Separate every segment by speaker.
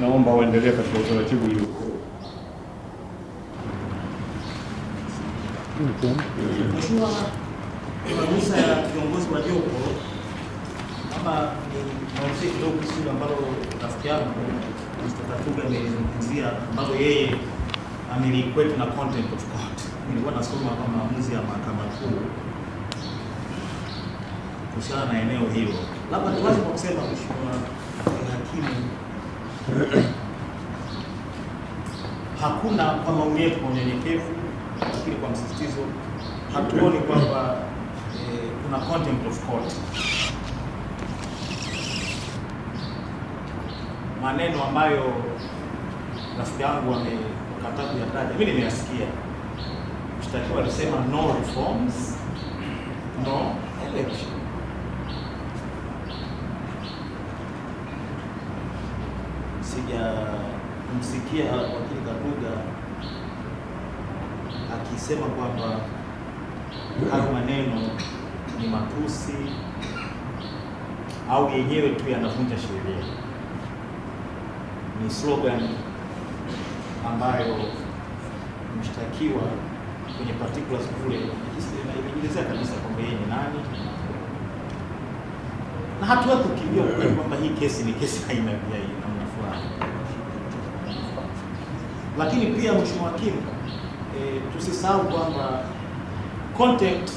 Speaker 1: naomba waendelee katika utaratibu ulio
Speaker 2: Mheshimiwa Musa, kiongozi wa jopo, kama niusie kidogo kusudi ambalo rafiki yangu Mr. Katuga amelizungumzia ambalo yeye amelikwetu na content of court. Nilikuwa nasoma kwa maamuzi ya mahakama kuu kuhusiana na eneo hilo, labda tuanze kwa kusema Mheshimiwa hakimu hakuna kwa maoni kwa unyenyekevu, lakini kwa msisitizo, hatuoni kwamba eh, kuna contempt of court. Maneno ambayo rafiki yangu amekataa kuyataja, mimi nimeyasikia. Mshtakiwa alisema no reforms no election sijamsikia wakili Kabuga akisema kwamba hayo maneno ni matusi au yenyewe tu yanavunja sheria. Ni slogan ambayo mshtakiwa kwenye particulars kule inaelezea kabisa kwamba yeye ni nani, na hatuwezi kukimbia kwamba hii kesi ni kesi aina ya lakini pia mheshimiwa hakimu e, eh, tusisahau kwamba content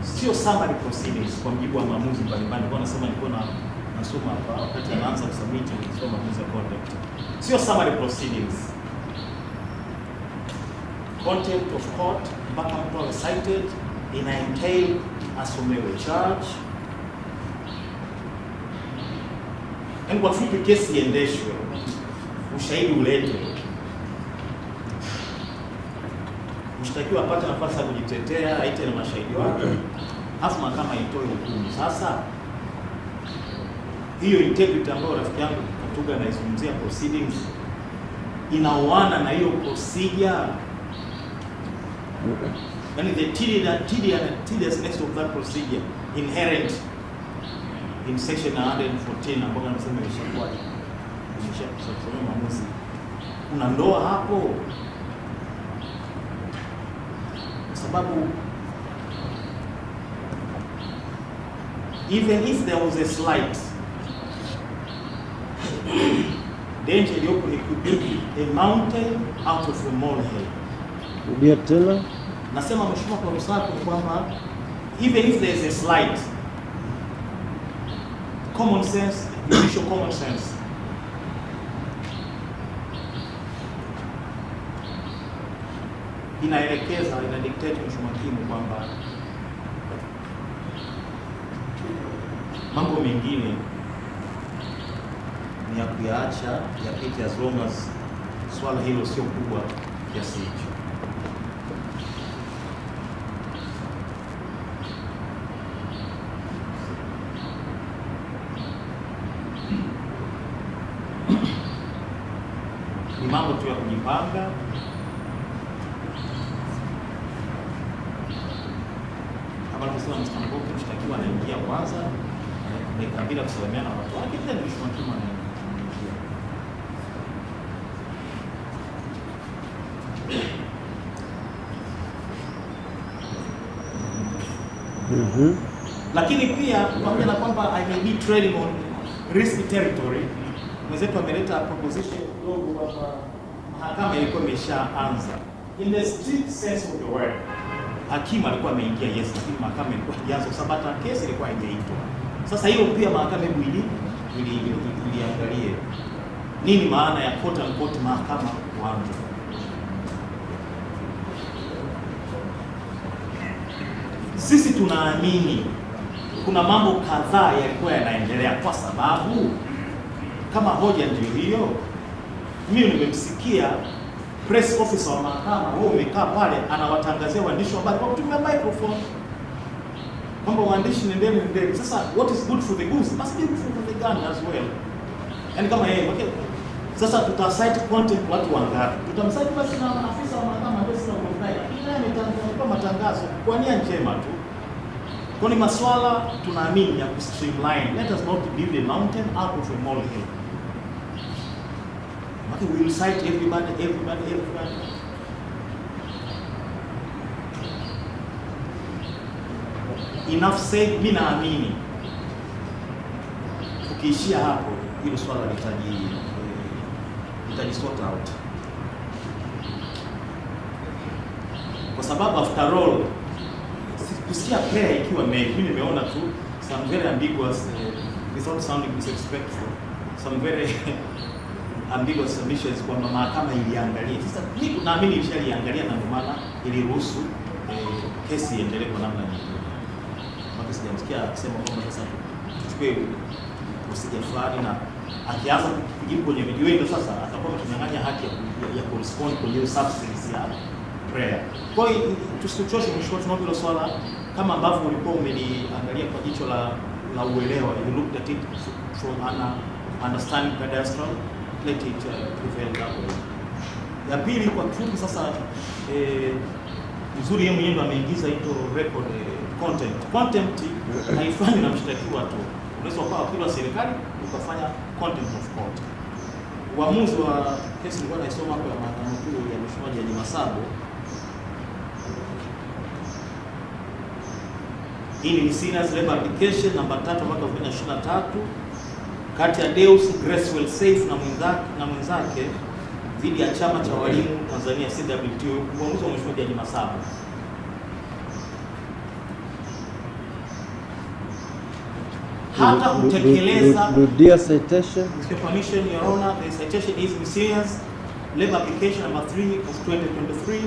Speaker 2: sio summary proceedings kwa mjibu wa maamuzi mbalimbali. Kwa nasema nilikuwa na nasoma hapa wakati anaanza kusubmit kwa maamuzi ya content, sio summary proceedings. Content of court mpaka mtu awe cited ina entail asomewe charge, yaani kwa fupi kesi iendeshwe, ushahidi uletwe mshtakiwa apate nafasi ya kujitetea, aite na mashahidi wake, halafu mahakama itoe hukumu. Sasa hiyo integrity ambayo rafiki yangu Katuga anaizungumzia proceedings inaoana na hiyo procedure yani the tediousness of that procedure inherent in section 114 ambayo anasema ishakuwa ishakusomea maamuzi. Kuna ndoa hapo sababu even if there was a slight danger iliyopo, it could be a mountain out of a molehill.
Speaker 1: Rudia tena.
Speaker 2: Nasema mheshimiwa profesa kwamba even if there is a slight common sense, judicial common sense inaelekeza ina dictate Mheshimiwa Hakimu kwamba mambo mengine ni ya kuyaacha yapite, as long as swala hilo sio kubwa kiasi hicho. Ni mambo tu ya kujipanga. kama alivyosema Mr. Mboki, mshtakiwa anaingia kwanza eh, bila kusalimia na watu wake, then mshtakiwa anaingia. Mm-hmm. Lakini pia pamoja na kwamba I may be trading on risky territory, mwenzetu ameleta proposition ndogo kwamba mahakama ilikuwa imeshaanza in the strict sense of the word hakimu alikuwa ameingia, yes, lakini mahakama ilikuwa haijaanza, sabata, kesi ilikuwa haijaitwa. Sasa hiyo pia mahakama hebu iliangalie nini maana ya quote unquote mahakama kuanza. Sisi tunaamini kuna mambo kadhaa yalikuwa yanaendelea, kwa sababu kama hoja ndio hiyo. Mimi nimemsikia press officer wa mahakama, wewe umekaa pale, anawatangazia waandishi wa habari kwa kutumia microphone kwamba waandishi nendeni, nendeni. Sasa what is good for the goose must be good for the gander as well. Yani kama yeye okay. Sasa tutasite content watu wangapi? Tutamsite basi na afisa wa mahakama ndio sina kumdai, ila yeye kwa matangazo kwa nia njema tu. Kwa ni maswala tunaamini ya kustreamline. Let us not build a mountain out of a molehill. He will cite everybody, everybody, everybody. Enough said, mimi naamini ukiishia hapo, hilo swala litaji litaji sort out, kwa sababu after all kusikia prayer ikiwa mengi, mi nimeona tu some very ambiguous uh, without sounding disrespectful some very ambayo suluhisho kwamba mahakama iliangalia. Sasa hii tunaamini ilishaliangalia na ndio maana iliruhusu eh, kesi iendelee kwa namna nyingine. Mpaka sijamsikia akisema kwamba sasa tuchukue usija fulani na akianza kujibu kwenye video hiyo sasa atakuwa tunanyang'anya haki ya, ya correspond kwenye substance ya prayer. Kwa hiyo tusichoshe mwisho tunao hilo swala kama ambavyo ulikuwa umeniangalia kwa jicho la la uelewa, you looked at it from an understanding pedestal let it uh, prevail that way. Ya pili kwa kifupi sasa eh, mzuri yeye mwenyewe ameingiza hiyo record eh, content. Content haifanywi na mshtakiwa tu. Unaweza kuwa wakili wa serikali ukafanya content of court. Uamuzi wa kesi nilikuwa naisoma kwa mahakama kuu ya Mheshimiwa Jaji Masabo hii ni Sinas labor application namba 3 mwaka 2023 kati ya Deus Gracewell Safe na mwenzake na mwenzake dhidi ya chama cha walimu Tanzania CWT uamuzi wa Mheshimiwa Jaji Masaba. hata kutekeleza
Speaker 1: rudia citation
Speaker 2: with permission your honor the citation is serious labor application number 3 of 2023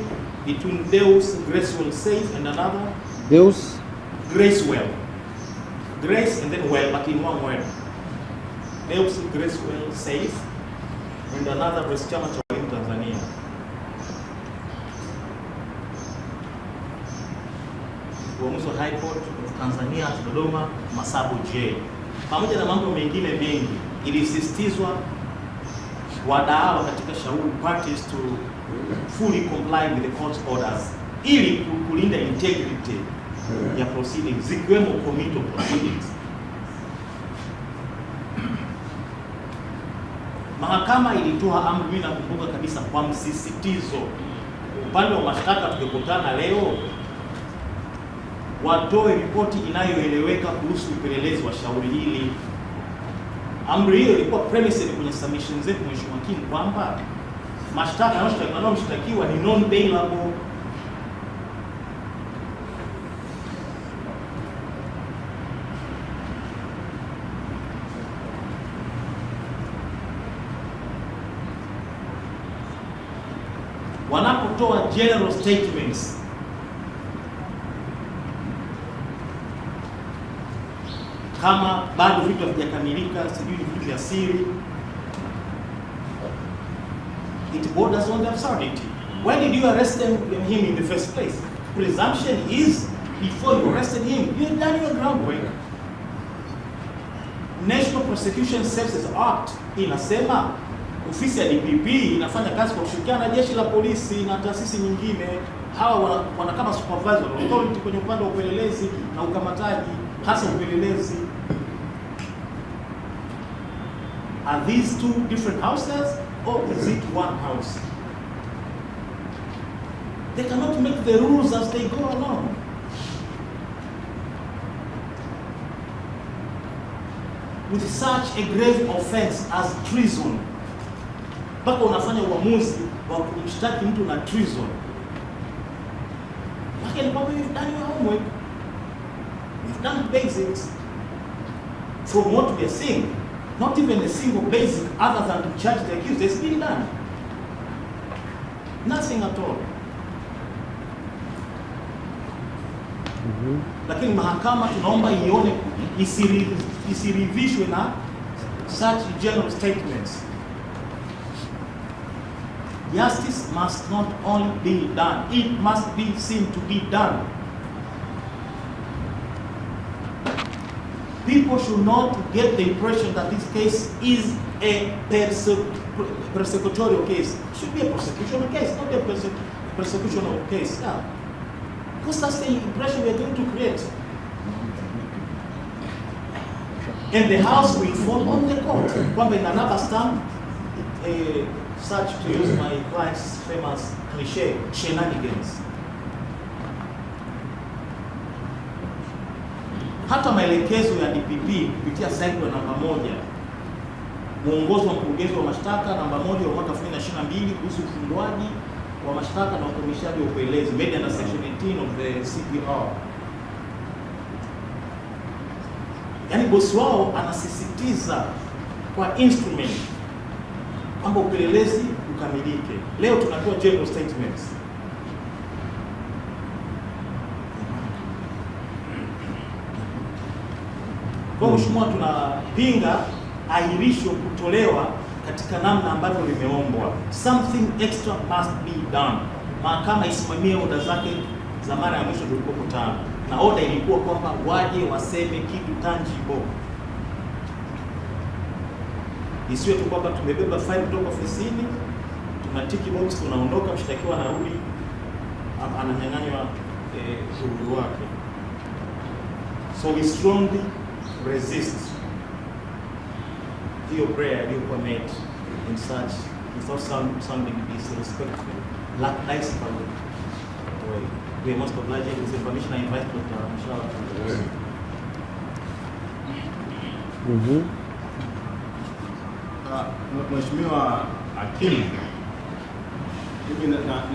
Speaker 2: between Deus Gracewell Safe and another Deus Gracewell Grace and then well but in one word Deusi Gracewell says, and another was chama cha in Tanzania. Uamuzi wa High Court of Tanzania Dodoma Masabu J. Pamoja na mambo mengine mengi, ilisisitizwa wadaawa katika shauri parties to fully comply with the court's orders ili kulinda integrity ya proceedings zikiwemo committal proceedings mahakama ilitoa amri, mimi nakumbuka kabisa, kwa msisitizo upande wa mashtaka, tukikutana leo watoe ripoti inayoeleweka kuhusu upelelezi wa shauri hili. Amri hiyo ilikuwa premised kwenye submission zetu, Mheshimiwa Hakimu, kwamba mashtaka yanayoshtakiwa ni non bailable wanapotoa general statements kama bado vitu havijakamilika, sijui ni vitu vya siri, it borders on the absurdity. Why did you arrest him in the first place? Presumption is before you arrested him, you had done your groundwork. National Prosecution Services Act inasema ofisi ya DPP inafanya kazi kwa kushirikiana na jeshi la polisi na taasisi nyingine. Hawa wana kama supervisor authority kwenye upande wa upelelezi na ukamataji, hasa upelelezi. Are these two different houses or is it one house? They cannot make the rules as they go along. With such a grave offense as treason mpaka unafanya uamuzi wa kumshtaki mtu na treason. Maana ni kwamba you've done your homework. done basics. So what we are seeing, not even a single basic other than to charge the accused has been done. Nothing at all. Mm -hmm. Lakini mahakama tunaomba ione isirivishwe na such general statements. Justice must not only be done, it must be seen to be done. People should not get the impression that this case is a persecutorial case. It should be a prosecutional case, not a perse case. Yeah. Because that's the impression we are going to create. And the House will fall on the court. Kwamba in another stand. uh, such, to use my wife's famous cliche, shenanigans. Hata maelekezo ya DPP kupitia saiko namba moja mwongozo wa mkurugenzi wa mashtaka namba moja wa mwaka 2022 kuhusu ufunguaji wa mashtaka na utumishaji wa upelelezi made under section 18 of the CPR. Yaani bosi wao anasisitiza kwa instrument kwamba upelelezi ukamilike. Leo tunatoa general statements. Kwa mheshimiwa, tunapinga ahirisho kutolewa katika namna ambavyo limeombwa. Something extra must be done. Mahakama isimamie oda zake za mara ya mwisho tulipokutana, na oda ilikuwa kwamba waje waseme kitu tangible isiwe tu kwamba tumebeba faili kutoka ofisini tunatiki box tunaondoka, mshtakiwa anarudi ananyang'anywa eh, uhuru eh, wake. So we strongly resist hiyo prayer iliyokuwa made in such without some something sounding disrespectful like nice family way. We must oblige this information. I invite Dr. Mshao.
Speaker 1: Mm-hmm. Mheshimiwa Hakimu, mimi